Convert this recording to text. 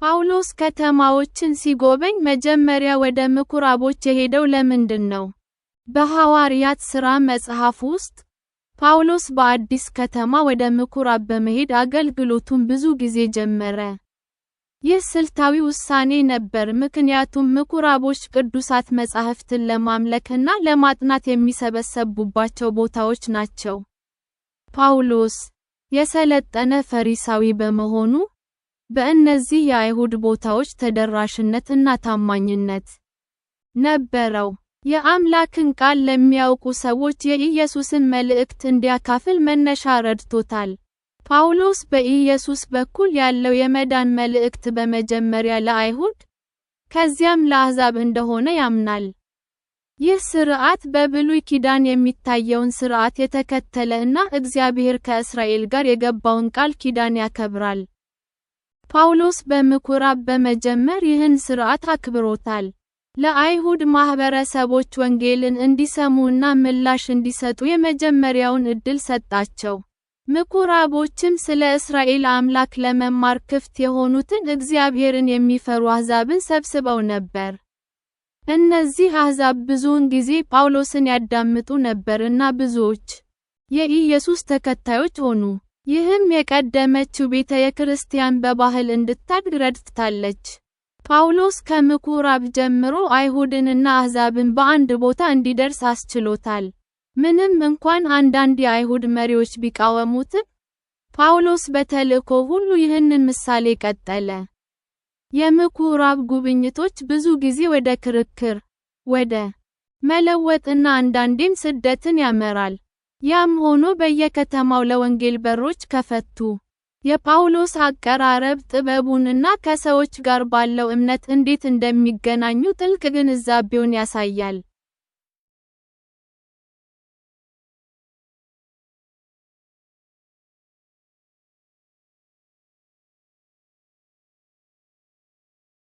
ጳውሎስ ከተማዎችን ሲጎበኝ መጀመሪያ ወደ ምኩራቦች የሄደው ለምንድን ነው? በሐዋርያት ሥራ መጽሐፍ ውስጥ፣ ጳውሎስ በአዲስ ከተማ ወደ ምኩራብ በመሄድ አገልግሎቱን ብዙ ጊዜ ጀመረ። ይህ ስልታዊ ውሳኔ ነበር ምክንያቱም ምኩራቦች ቅዱሳት መጻሕፍትን ለማምለክና ለማጥናት የሚሰበሰቡባቸው ቦታዎች ናቸው። ጳውሎስ፣ የሰለጠነ ፈሪሳዊ በመሆኑ፣ በእነዚህ የአይሁድ ቦታዎች ተደራሽነት እና ታማኝነት ነበረው። የአምላክን ቃል ለሚያውቁ ሰዎች የኢየሱስን መልእክት እንዲያካፍል መነሻ ረድቶታል። ጳውሎስ በኢየሱስ በኩል ያለው የመዳን መልእክት በመጀመሪያ ለአይሁድ ከዚያም ለአሕዛብ እንደሆነ ያምናል። ይህ ሥርዓት በብሉይ ኪዳን የሚታየውን ሥርዓት የተከተለ እና እግዚአብሔር ከእስራኤል ጋር የገባውን ቃል ኪዳን ያከብራል። ጳውሎስ በምኩራብ በመጀመር ይህን ሥርዓት አክብሮታል። ለአይሁድ ማኅበረሰቦች ወንጌልን እንዲሰሙና ምላሽ እንዲሰጡ የመጀመሪያውን ዕድል ሰጣቸው። ምኩራቦችም ስለ እስራኤል አምላክ ለመማር ክፍት የሆኑትን እግዚአብሔርን የሚፈሩ አሕዛብን ሰብስበው ነበር። እነዚህ አሕዛብ ብዙውን ጊዜ ጳውሎስን ያዳምጡ ነበርና ብዙዎች የኢየሱስ ተከታዮች ሆኑ። ይህም የቀደመችው ቤተ ክርስቲያን በባህል እንድታድግ ረድታለች። ጳውሎስ ከምኩራብ ጀምሮ አይሁድንና አሕዛብን በአንድ ቦታ እንዲደርስ አስችሎታል። ምንም እንኳን አንዳንድ የአይሁድ መሪዎች ቢቃወሙትም፣ ጳውሎስ በተልእኮ ሁሉ ይህንን ምሳሌ ቀጠለ። የምኩራብ ጉብኝቶች ብዙ ጊዜ ወደ ክርክር፣ ወደ መለወጥና አንዳንዴም ስደትን ያመራል። ያም ሆኖ በየከተማው ለወንጌል በሮች ከፈቱ። የጳውሎስ አቀራረብ ጥበቡንና ከሰዎች ጋር ባለው እምነት እንዴት እንደሚገናኙ ጥልቅ ግንዛቤውን ያሳያል።